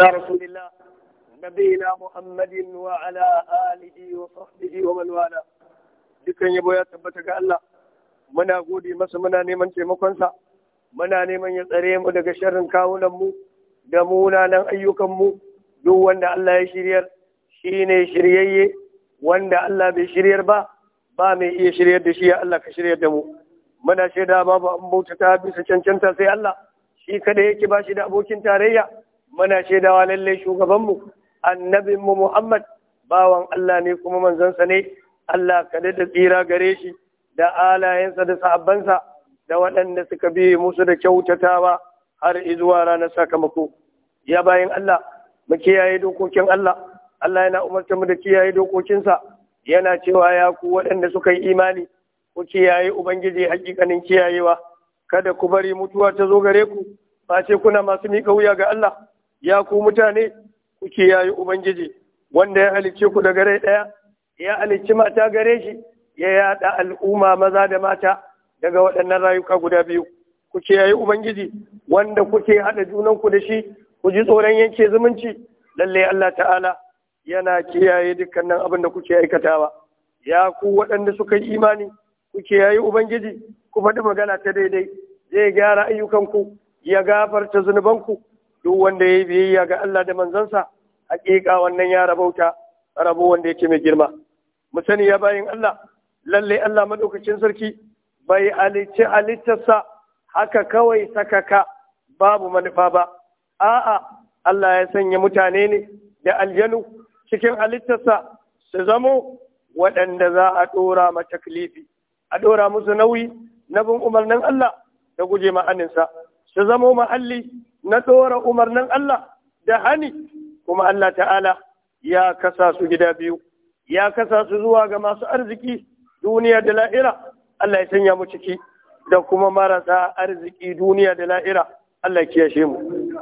على رسول الله نبينا محمد وعلى آله وصحبه ومن والاه dukkan yabo ya tabbata ga Allah muna gode masa muna neman taimakonsa muna neman ya tsare mu daga sharrin kawunan mu da munanan ayyukan mu duk wanda Allah ya shiryar shine shiryayye wanda Allah bai shiryar ba ba mai iya shiryar da shi ya Allah ka shiryar da mu muna shaida babu an bauta ta bisa cancanta sai Allah shi kada yake ba shi da abokin tarayya muna shaidawa lallai shugabanmu annabinmu Muhammad bawan Allah ne kuma manzansa ne Allah ka da tsira gare shi da alayensa da sahabbansa da waɗanda suka bi musu da kyautatawa har izuwa ranar sakamako ya bayan Allah mu kiyaye dokokin Allah Allah yana umarta mu da kiyaye dokokinsa yana cewa ya ku waɗanda suka yi imani ku kiyaye ubangiji hakikanin kiyayewa kada ku bari mutuwa ta zo gare ku face kuna masu miƙa wuya ga Allah ya ku mutane kuke yayi ubangiji wanda ya halicce ku daga rai ɗaya ya halicci mata gare shi ya yada al'umma maza da mata daga waɗannan rayuka guda biyu ku yayi ubangiji wanda kuke haɗa ku da shi ku ji tsoron yanke zumunci lallai Allah ta'ala yana kiyaye dukkanin abin da kuke aikatawa ya ku waɗanda suka yi imani ku yayi ubangiji ku faɗi magana ta daidai zai gyara ayyukanku ya gafarta zunubanku duk wanda ya yi biyayya ga Allah da manzansa hakika wannan ya rabauta rabo wanda yake mai girma mu sani ya bayin Allah lalle Allah madaukakin sarki bai alice alitarsa haka kawai sakaka babu manufa ba a'a Allah ya sanya mutane ne da aljanu cikin halittarsa su zamo waɗanda za a ɗora ma taklifi a ɗora musu nauyi na bin umarnin Allah da guje ma'aninsa su zamo ma'alli na ɗora umarnin Allah da hani kuma Allah ta'ala ya kasa su gida biyu ya kasa su zuwa ga masu arziki duniya da la'ira Allah ya sanya mu ciki da kuma marasa arziki duniya da la'ira Allah ya kiyashe mu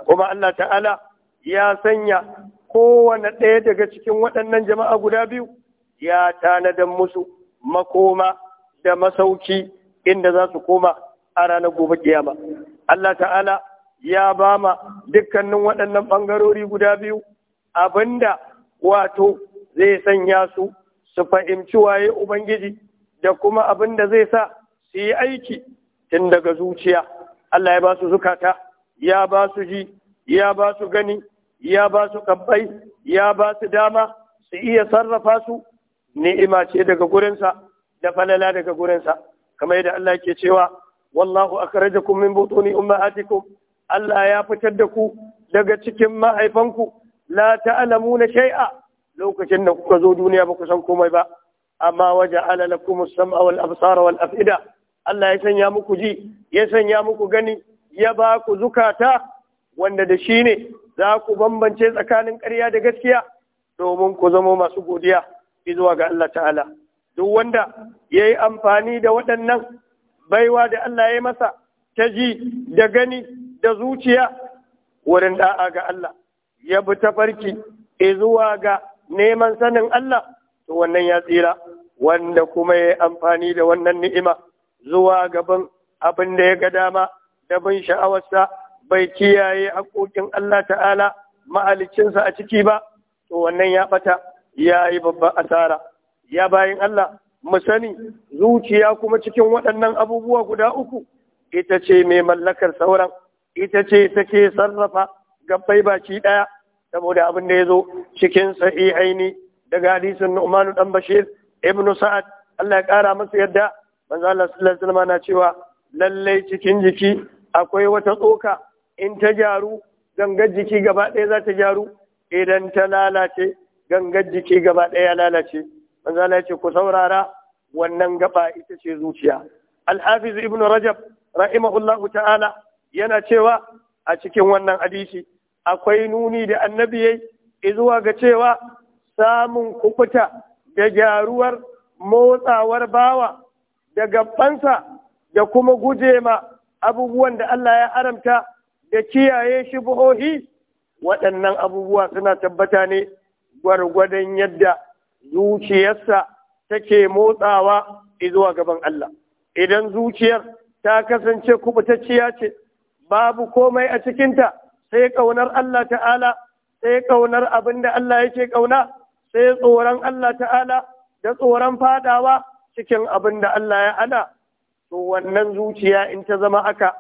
kuma Allah ta'ala ya sanya kowane ɗaya daga cikin waɗannan jama'a guda biyu ya tanadan musu makoma da masauki inda za su koma a ranar gobe kiyama Allah ta'ala ya ba ma dukkanin waɗannan ɓangarori guda biyu abinda wato zai sanya su su fahimci waye Ubangiji da kuma abinda zai sa su yi aiki tun daga zuciya. Allah ya ba su zukata, ya ba su ji, ya ba su gani, ya ba su kabbai, ya ba su dama su iya sarrafa su ni'ima ce daga gurinsa da falala daga gurinsa. Kamar yadda Allah ke cewa, Wallahu akhrajakum min butuni ummahatikum Allah ya fitar da ku daga cikin mahaifanku la ta'lamuna shai'a. lokacin da kuka zo duniya ba ku san komai ba amma waje alala as-sam'a wal absara wal af'ida Allah ya sanya muku ji ya sanya muku gani ya ba ku zukata wanda da shi ne za ku bambance tsakanin ƙarya da gaskiya domin ku zama masu godiya zuwa ga Allah ta'ala duk wanda ya yi amfani da waɗannan baiwa da Allah ya masa ta ji da gani da zuciya wurin da'a ga Allah ya bi ta farki, e zuwa ga neman sanin Allah to wannan ya tsira wanda kuma ya amfani da wannan ni'ima zuwa gaban abin da ya ga dama da bin sha'awarsa bai kiyaye haƙoƙin Allah ta'ala ma'alicinsa a ciki ba to wannan ya ɓata ya yi babban asara ya bayan Allah mu sani zuciya kuma cikin waɗannan abubuwa guda uku ita ce mai mallakar sauran ita ce take sarrafa gabbai baki ɗaya saboda abin da ya zo cikin sahihaini daga hadisin Nu'man dan Bashir ibnu Sa'ad Allah ya kara masa yadda manzo Allah sallallahu alaihi wasallam na cewa lallai cikin jiki akwai wata tsoka in ta gyaru gangar jiki gaba ɗaya za ta gyaru idan ta lalace gangar jiki gaba ɗaya ya lalace manzo Allah ya ce ku saurara wannan gaba ita ce zuciya al-hafiz ibnu rajab rahimahullahu ta'ala yana cewa a cikin wannan hadisi akwai nuni da annabi yayi izuwa ga cewa samun kukuta da gyaruwar motsawar bawa da gabansa da kuma gujema abubuwan da Allah ya haramta da kiyaye shi buhohi waɗannan abubuwa suna tabbata ne gwargwadon yadda zuciyarsa take motsawa izuwa gaban Allah idan zuciyar ta kasance kubutacciya ce babu komai a cikinta sai ƙaunar Allah ta'ala sai ƙaunar abin da Allah yake ƙauna sai tsoron Allah ta'ala da tsoron fadawa cikin abin da Allah ya ana to wannan zuciya in ta zama aka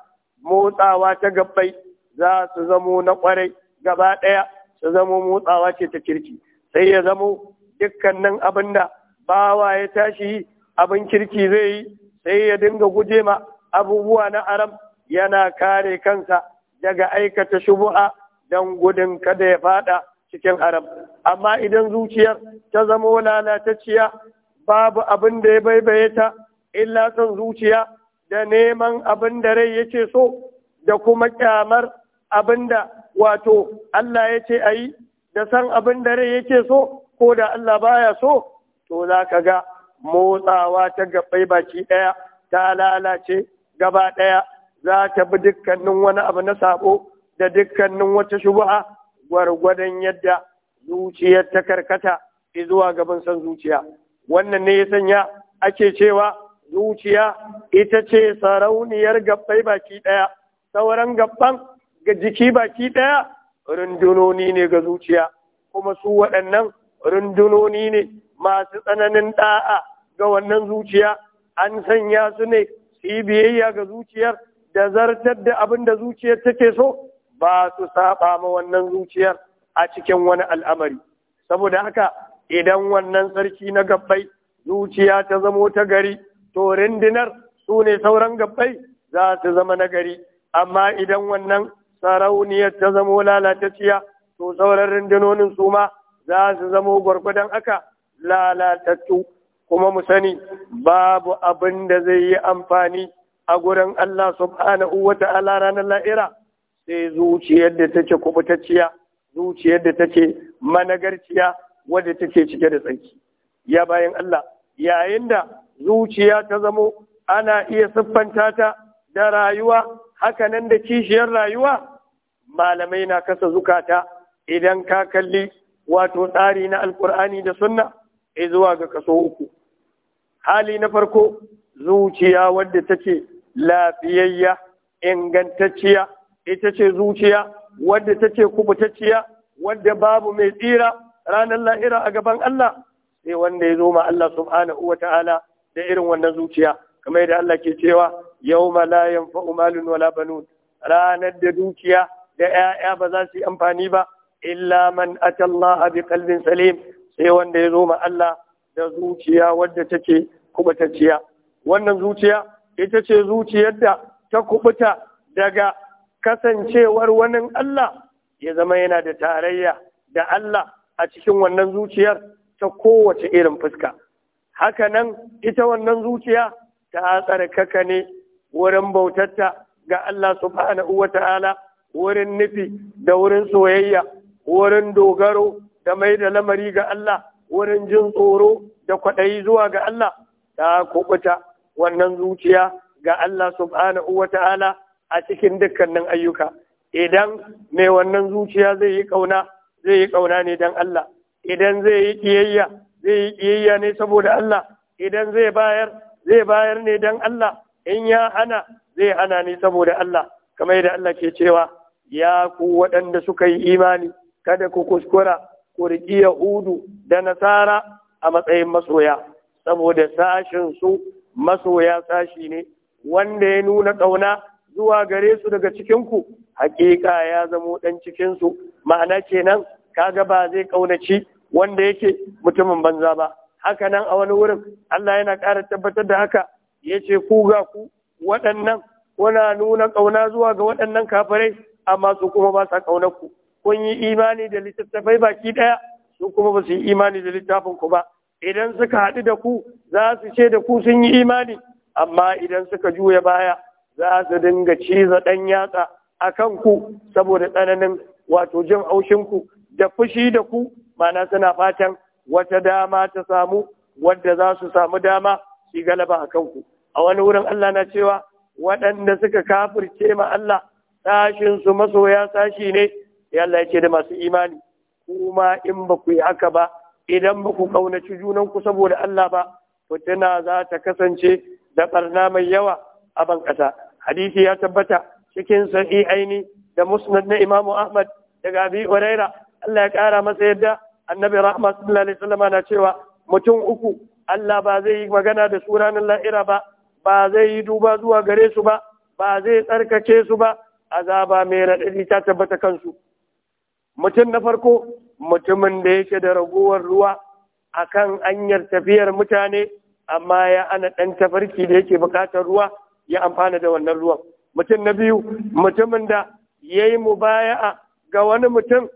motsawa ta gabbai za su zamo na ƙwarai gaba ɗaya su zamo motsawa ce ta kirki sai ya zamo dukkanin abin da bawa ya tashi abin kirki zai yi sai ya dinga guje ma abubuwa na aram yana kare kansa daga aikata shubu'a don gudun kada ya fada cikin haram amma idan zuciyar ta zama lalatacciya babu abin da ya baibaye ta illa son zuciya da neman abin da rai yake so da kuma kyamar abin da wato Allah ya ce a yi da san abin da rai yake so ko da Allah baya so to za ka ga motsawa ta gabai baki ɗaya ta lalace gaba ɗaya za ta bi dukkanin wani abu na sabo da dukkanin wata shubuha gwargwadon yadda zuciyar ta karkata zuwa gaban san zuciya wannan ne ya sanya ake cewa zuciya ita ce sarauniyar gabbai baki ɗaya sauran gabban ga jiki baki ɗaya rundunoni ne ga zuciya kuma su waɗannan rundunoni ne masu tsananin ɗa'a ga wannan zuciya an sanya su ne su yi biyayya ga zuciyar da zartar da abin da zuciyar take so ba su saba ma wannan zuciyar a cikin wani al'amari saboda haka idan wannan sarki na gabbai zuciya ta zamo ta gari to rindinar su ne sauran gabbai za su zama na gari amma idan wannan sarauniyar ta zamo lalatacciya to sauran rindinonin su ma za su zamo gwargwadon aka lalatattu kuma mu sani babu abin da zai yi amfani a gurin Allah subhanahu wa ta'ala ranar la'ira sai zuciyar da take kubutacciya zuciyar da take managarciya wadda take cike da tsaki ya bayan Allah yayin da zuciya ta zamo ana iya siffanta ta da rayuwa hakanan da kishiyar rayuwa malamai na kasa zukata idan ka kalli wato tsari na alkur'ani da sunna zuwa ga kaso uku hali na farko zuciya wadda take lafiyayya ingantacciya ita ce zuciya wadda ce kubutacciya wadda babu mai tsira ranar lahira a gaban Allah sai wanda ya zo ma Allah subhanahu wa ta'ala da irin wannan zuciya kamar yadda Allah ke cewa yawma la yanfa'u wala banu, ranar da dukiya da 'ya'ya ba za su yi amfani ba illa man atallaha bi qalbin salim sai wanda ya zo ma Allah da zuciya wadda take kubutacciya wannan zuciya ita ce zuciyar da ta kubuta daga kasancewar wani Allah ya zama yana da tarayya da Allah a cikin wannan zuciyar ta kowace irin fuska. Hakanan ita wannan zuciya ta tsarkaka ne wurin bautatta ga Allah subhanahu wa ta'ala wurin nufi da wurin soyayya, wurin dogaro da mai da lamari ga Allah, wurin jin tsoro da kwaɗayi zuwa ga Allah ta kubuta wannan zuciya ga Allah subhanahu wa ta'ala a cikin dukkanin ayyuka idan mai wannan zuciya zai yi kauna zai yi kauna ne dan Allah idan zai yi kiyayya zai yi kiyayya ne saboda Allah idan zai bayar zai bayar ne dan Allah in ya hana zai hana ne saboda Allah kamar yadda Allah ke cewa ya ku waɗanda suka yi imani kada ku kuskura ku riƙi Yahudu da Nasara a matsayin masoya saboda sashin su masoya sashi ne wanda ya nuna ƙauna zuwa gare su daga cikinku hakika ya zamo ɗan cikinsu ma'ana kenan kaga ba zai ƙaunaci wanda yake mutumin banza ba haka nan a wani wurin Allah yana ƙara tabbatar da haka ya ce ku ga ku waɗannan kuna nuna ƙauna zuwa ga waɗannan kafirai amma su kuma ba sa ƙaunar ku kun yi imani da littattafai baki ɗaya su kuma ba su yi imani da littafin ku ba idan suka haɗu da ku za su ce da ku sun yi imani amma idan suka juya baya za su dinga ciza ɗan yatsa a kan ku saboda tsananin wato jin aushinku da fushi da ku mana suna fatan wata dama ta samu wadda za su samu dama su galaba a kanku a wani wurin Allah na cewa waɗanda suka kafirce ma Allah sashin su masoya sashi ne ya Allah ya ce da masu imani kuma in ba ku yi haka ba idan ba ku ƙaunaci junanku saboda Allah ba fitina za ta kasance da barna mai yawa a ban ƙasa hadisi ya tabbata cikin sahi aini da musnad na imamu ahmad daga abi huraira Allah ya kara masa yadda annabi rahma sallallahu alaihi wasallam na cewa mutum uku Allah ba zai yi magana da su ranar la'ira ba ba zai yi duba zuwa gare su ba ba zai tsarkake su ba azaba mai raɗaɗi ta tabbata kansu mutum na farko mutumin da yake da raguwar ruwa a kan hanyar tafiyar mutane amma ya ana ɗan tafarki da yake buƙatar ruwa ya amfana da wannan ruwan mutum na biyu mutumin da ya yi mubaya'a ga wani mutum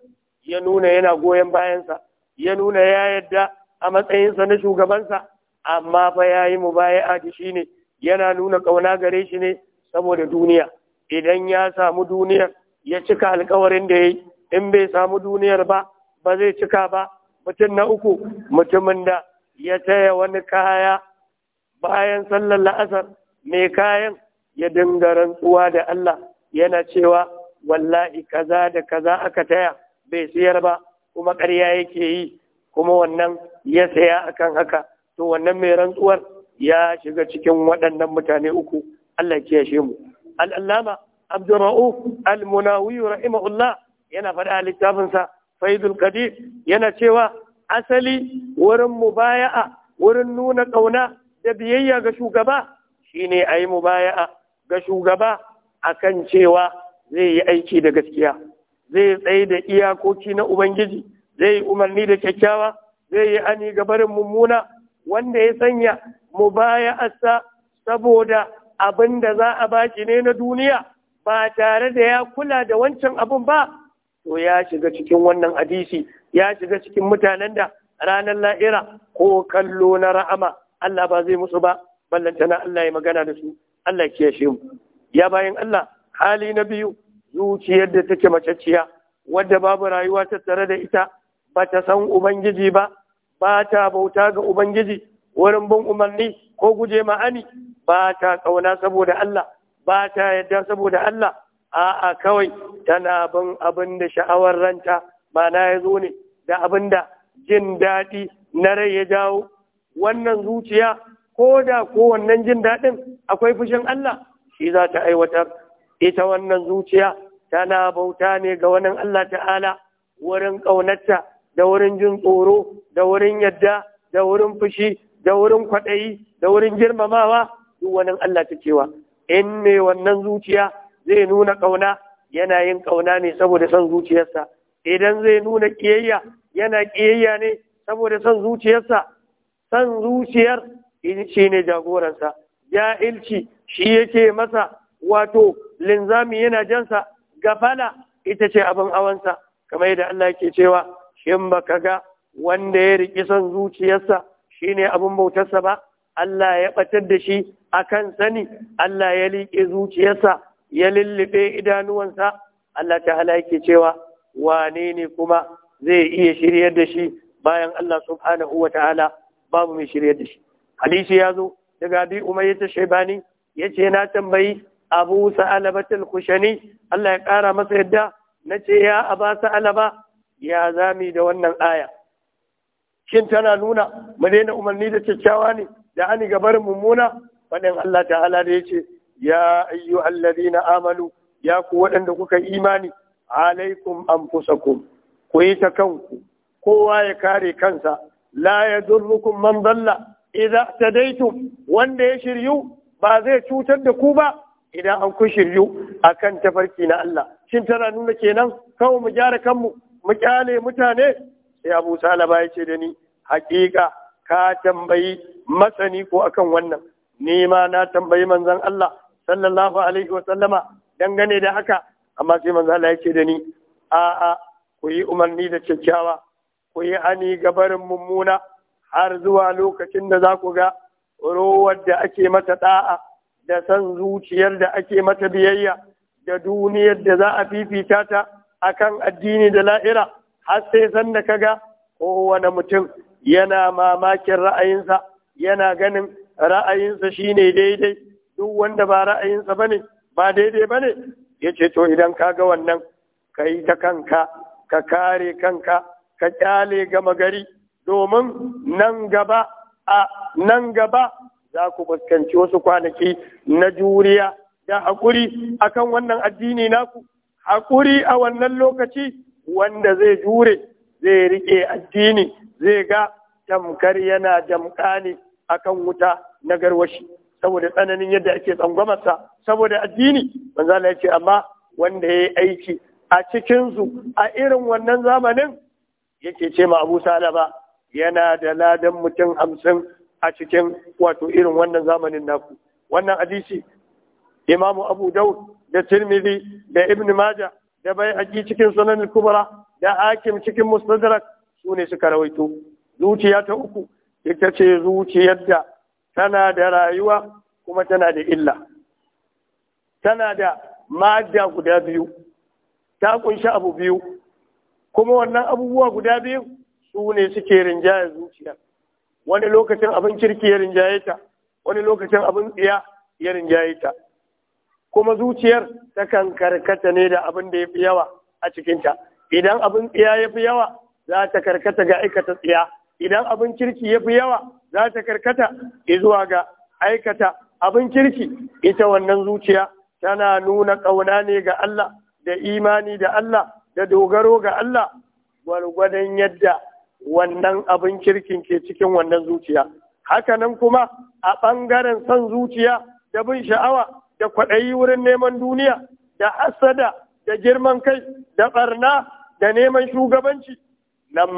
ya nuna yana goyon bayansa ya nuna ya yadda a matsayinsa na shugabansa amma fa ya yi mubaya'a da shi ne yana nuna ƙauna gare shi ne saboda duniya idan ya samu duniyar ya cika alkawarin da ya yi in bai samu duniyar ba ba zai cika ba mutum na uku mutumin da ya taya wani kaya bayan sallar la'asar mai kayan ya dinga rantsuwa da Allah yana cewa wallahi kaza da kaza aka taya bai siyar ba kuma karya yake yi kuma wannan ya saya akan haka to wannan mai rantsuwar ya shiga cikin waɗannan mutane uku Allah ya shi mu al-allama abdurra'uf al-munawi yana faɗa a littafinsa faidul Kadir yana cewa asali wurin mubaya'a wurin nuna ƙauna da biyayya ga shugaba shine ayi mubaya'a ga shugaba akan cewa zai yi aiki da gaskiya zai tsaye da iyakoki na ubangiji zai yi umarni da kyakkyawa zai yi ani ga barin mummuna wanda ya sanya mubaya'arsa saboda abin da za a baki ne na duniya ba tare da ya kula da wancan abun ba to ya shiga cikin wannan hadisi ya shiga cikin mutanen da ranar la'ira ko kallo na ra'ama Allah ba zai musu ba na, Allah ya magana da su Allah ya kiyashe mu ya bayan Allah hali na biyu zuciyar da take macacciya wadda babu rayuwa ta tare da ita ba ta san ubangiji ba ba ta bauta ga ubangiji wurin bin umarni ko guje ma'ani ba ta kauna saboda Allah ba ta yadda saboda Allah a'a kawai tana bin abin da sha'awar ranta mana ya zo ne da abin da jin daɗi na rai ya jawo wannan zuciya ko da ko wannan jin daɗin akwai fushin Allah shi za ta aiwatar ita wannan zuciya tana bauta ne ga wani Allah ta'ala wurin ƙaunarta da wurin jin tsoro da wurin yadda da wurin fushi da wurin kwaɗayi da wurin girmamawa duk wani Allah ta cewa in ne wannan zuciya zai nuna ƙauna yana yin ƙauna ne saboda son zuciyarsa idan zai nuna ƙiyayya yana ƙiyayya ne saboda son zuciyarsa son zuciyar shi ne jagoransa ja'ilci shi yake masa wato linzami yana jansa gafala ita ce abin awansa kamar da Allah ke cewa shin baka ga wanda ya riƙi son zuciyarsa shine abin bautarsa ba Allah ya ɓatar da shi akan sani Allah ya liƙe zuciyarsa ya lullube idanuwansa Allah ta'ala yake cewa wane ne kuma zai iya shiryar da shi bayan Allah subhanahu wa ta'ala babu mai shiryar da shi hadisi ya zo daga bi ya ta Ya ce na tambayi Abu Sa'alabat al Allah ya kara masa yadda na ce ya Aba Sa'alaba ya zami da wannan aya shin tana nuna mu daina umarni da kyakkyawa ne da ani gabar mummuna faɗin Allah ta'ala da ya ce. ya ayyuhal na amanu ya ku waɗanda kuka imani alaikum anfusakum ku yi ta kanku kowa ya kare kansa la yadurrukum man dalla idza tadaitum wanda ya shiryu ba zai cutar da ku ba idan an ku shiryu akan tafarki na Allah shin tana nuna kenan kawai mu gyara kanmu mu kyale mutane sai Abu Salaba ya ce da ni hakika ka tambayi masani ko akan wannan ni ma na tambayi manzon Allah sallallahu alaihi wa sallama dangane da haka amma sai manzo Allah yake da ni a'a ku yi umarni da kyakkyawa ku yi ani ga barin mummuna har zuwa lokacin da za ku ga rowar da ake mata da'a da san zuciyar da ake mata biyayya da duniyar da za a fifita ta akan addini da la'ira har sai san da ga. kowane mutum yana mamakin ra'ayinsa yana ganin ra'ayinsa shine daidai duk wanda ba ra'ayinsa bane ba daidai bane ce to idan ka ga wannan ka yi ta kanka ka kare kanka ka kyale gama gari domin nan gaba a nan gaba za ku fuskanci wasu kwanaki na juriya da haƙuri akan wannan addini naku haƙuri a wannan lokaci wanda zai jure zai riƙe addini zai ga tamkar yana jamƙa ne akan wuta na garwashi saboda tsananin yadda ake tsangwamarsa saboda addini manzo ya ce amma wanda ya yi aiki a cikinsu a irin wannan zamanin yake ce ma Abu Salama yana da ladan mutum hamsin a cikin wato irin wannan zamanin naku wannan hadisi imamu Abu daud da Tirmidhi da Ibn maja da bai Baihaqi cikin Sunan kubura kubra da Hakim cikin Mustadrak su ne suka rawaito zuciya ta uku ita ce zuciyar da tana da rayuwa kuma tana da illa tana da ma'adda guda biyu ta kunshi abu biyu kuma wannan abubuwa guda biyu su ne suke rinjaya zuciya wani lokacin abin kirki ya rinjaye ta wani lokacin abin tsiya ya rinjaye ta kuma zuciyar takan karkata ne da abin da ya fi yawa a cikinta idan abin tsiya ya fi yawa za ta karkata ga aikata tsiya idan abin kirki ya fi yawa za ta karkata zuwa ga aikata abin kirki ita wannan zuciya tana nuna ƙauna ne ga Allah da imani da Allah da dogaro ga Allah gwargwadon yadda wannan abin kirkin ke cikin wannan zuciya hakanan kuma a ɓangaren son zuciya da bin sha'awa da kwaɗayi wurin neman duniya da hasada da girman kai da ɓarna da neman shugabanci nan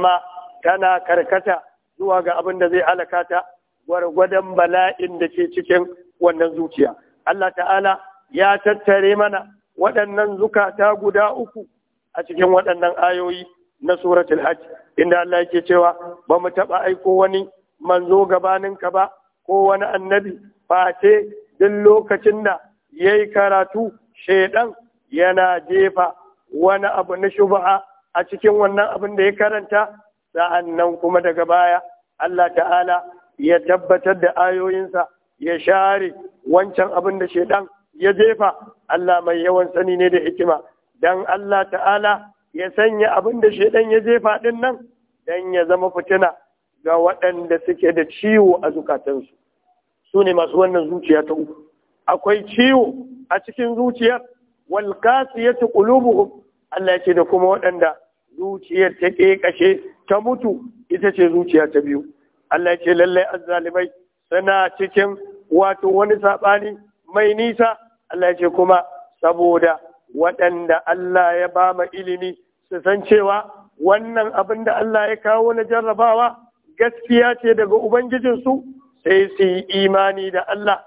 tana karkata zuwa ga abin da zai halaka ta gwargwadon bala'in da ke cikin wannan zuciya Allah ta'ala ya tattare mana waɗannan zukata guda uku a cikin waɗannan ayoyi na suratul hajj inda Allah yake cewa ba mu taɓa aiko wani manzo gabaninka ba ko wani annabi face duk lokacin da ya yi karatu shaidan yana jefa wani abu na shuba'a a cikin wannan abin da ya karanta sa'an nan kuma daga baya Allah ta'ala ya tabbatar da ayoyinsa ya share wancan abin da shaidan ya jefa Allah mai yawan sani ne da hikima Don Allah ta'ala ya sanya abin da shaidan ya jefa ɗin nan don ya zama fitina ga waɗanda suke da ciwo a zukatansu su ne masu wannan zuciya ta uku akwai ciwo a cikin zuciyar wal kasiyatu qulubuhum Allah ya ce da kuma waɗanda zuciyar ta ƙeƙashe ta mutu ita ce zuciya ta biyu Allah ce lallai azzalimai suna cikin wato wani saɓani mai nisa Allah ce kuma saboda waɗanda Allah ya ba ma ilimi su san cewa wannan abin da Allah ya kawo na jarrabawa gaskiya ce daga Ubangijinsu sai su yi imani da Allah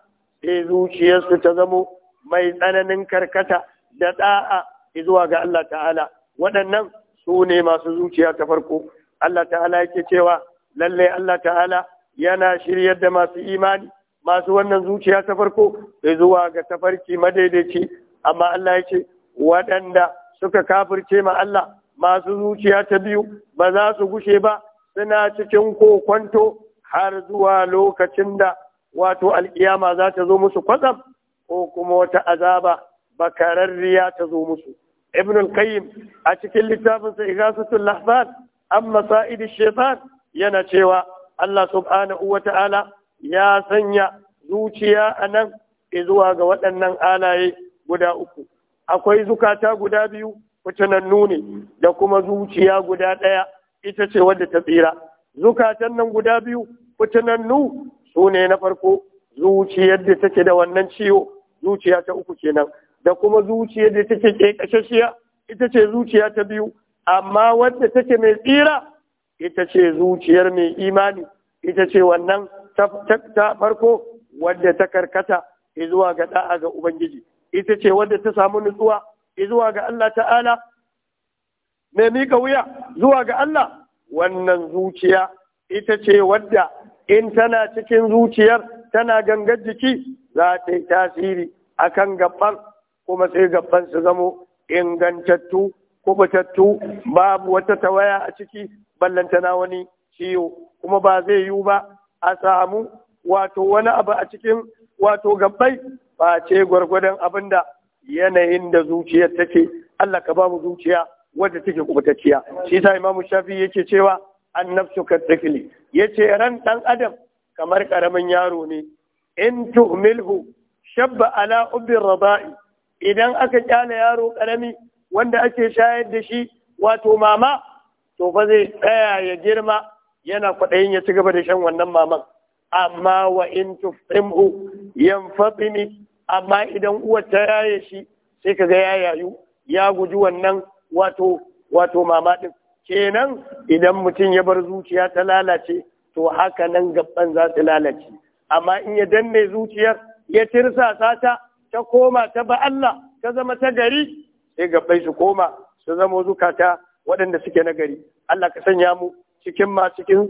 sai zuciyarsu ta zamo mai tsananin karkata da ɗa'a zuwa ga Allah ta'ala waɗannan su ne masu zuciya ta farko Allah ta'ala yake cewa lallai Allah ta'ala yana shiryar da masu imani masu wannan zuciya ta farko sai zuwa ga tafarki madaidaici amma Allah ya ce waɗanda suka kafirce ma Allah masu zuciya ta biyu ba za su gushe ba suna cikin kokwanto har zuwa lokacin da wato alkiyama za ta zo musu kwatsam ko kuma wata azaba bakararriya ta zo musu ibn qayyim a cikin littafin sa igasatul lahfan an masa'idi shaitan yana cewa Allah subhanahu wa ta'ala ya sanya zuciya a nan zuwa ga waɗannan alaye guda uku. Akwai zukata guda biyu fitanannu ne da kuma zuciya guda ɗaya ita ce wadda ta tsira. Zukatan nan guda biyu fitanannu su ne na farko zuciyar da take da wannan ciwo zuciya ta uku kenan da kuma zuciyar da take ita ce zuciya ta biyu amma wadda take mai tsira ita ce zuciyar mai imani ita ce wannan ta farko wadda ta karkata zuwa ga da'a ga ubangiji ita ce wadda ta samu nutsuwa zuwa ga Allah ta'ala mai mika wuya zuwa ga Allah wannan zuciya ita ce wadda in tana cikin zuciyar tana gangar jiki za ta yi tasiri akan gabban kuma sai gabban su zamo ingantattu ko batattu babu wata tawaya a ciki ballantana wani ciwo kuma ba zai yiwu ba a samu wato wani abu a cikin wato gabbai ba ce gwargwadon abin da yanayin da zuciyar take Allah ka ba zuciya wadda take kubutacciya shi ta imamu shafi yake cewa an nafsu yace ran dan adam kamar karamin yaro ne in tuhmilhu shabba ala ubbi rabai idan aka kyale yaro karami wanda ake shayar da shi wato mama to fa zai tsaya ya girma yana kwaɗayin ya ci gaba da shan wannan maman amma wa in tufimhu yanfatimi amma idan uwar ta yaye shi sai kaga ya yayu ya guji wannan wato wato mama din kenan idan mutum ya bar zuciya ta lalace to haka nan gaban za su lalace amma in ya danne zuciyar ya tirsasa ta ta koma ta ba Allah ta zama ta gari sai gabbai su koma su zama zukata waɗanda suke na gari Allah ka sanya mu cikin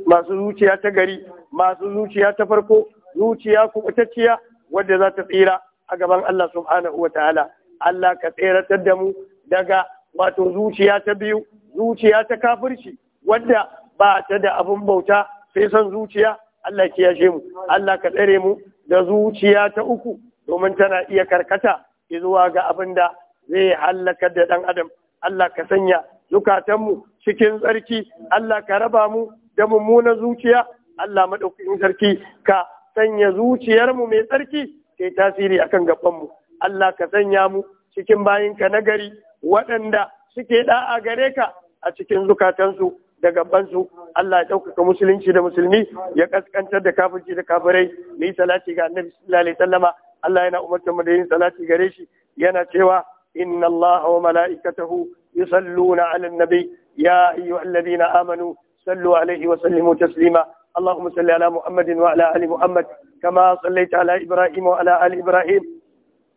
masu zuciya ta gari masu zuciya ta farko zuciya kubutacciya wadda za ta tsira a gaban Allah subhanahu wa ta'ala Allah ka tseratar da mu daga wato zuciya ta biyu zuciya ta kafirci wadda ba ta da abin bauta sai son zuciya Allah ki yashe mu Allah ka tsare mu da zuciya ta uku domin tana iya karkata zuwa ga abin da zai hallaka da ɗan adam Allah ka sanya zukatanmu cikin tsarki Allah ka raba mu da mummunan zuciya Allah maɗaukakin sarki ka sanya zuciyarmu mai tsarki Ke tasiri akan gabanmu Allah ka sanya mu cikin bayinka na gari waɗanda suke ɗa'a gare ka a cikin zukatansu da gabansu Allah ya ɗaukaka musulunci da musulmi ya ƙasƙantar da kafirci da kafirai mu yi salati ga annabi sallallahu alaihi wasallama Allah yana umarta mu da yin salati gare shi yana cewa إن الله وملائكته يصلون على النبي يا أيها الذين آمنوا صلوا عليه وسلموا تسليما اللهم صل على محمد وعلى آل محمد كما صليت على إبراهيم وعلى آل إبراهيم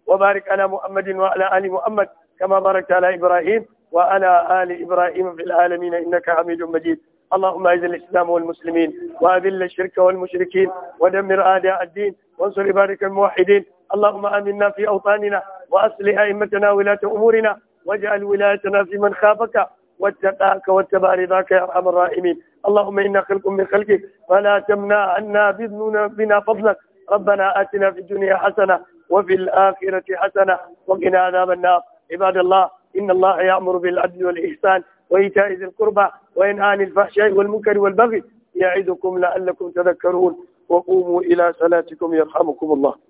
وبارك على محمد وعلى آل محمد كما باركت على إبراهيم وعلى آل إبراهيم في العالمين إنك حميد مجيد اللهم اعز الاسلام والمسلمين واذل الشرك والمشركين ودمر اعداء الدين وانصر عبادك الموحدين اللهم آمنا في أوطاننا وأصلح أئمتنا ولاة أمورنا واجعل ولايتنا في من خافك واتقاك واتبع رضاك يا أرحم الراحمين اللهم إنا خلق من خلقك فلا تمنع عنا بنا فضلك ربنا آتنا في الدنيا حسنة وفي الآخرة حسنة وقنا عذاب النار عباد الله إن الله يأمر بالعدل والإحسان وإيتاء ذي القربى وينهى عن الفحشاء والمنكر والبغي يعدكم لعلكم تذكرون وقوموا إلى صلاتكم يرحمكم الله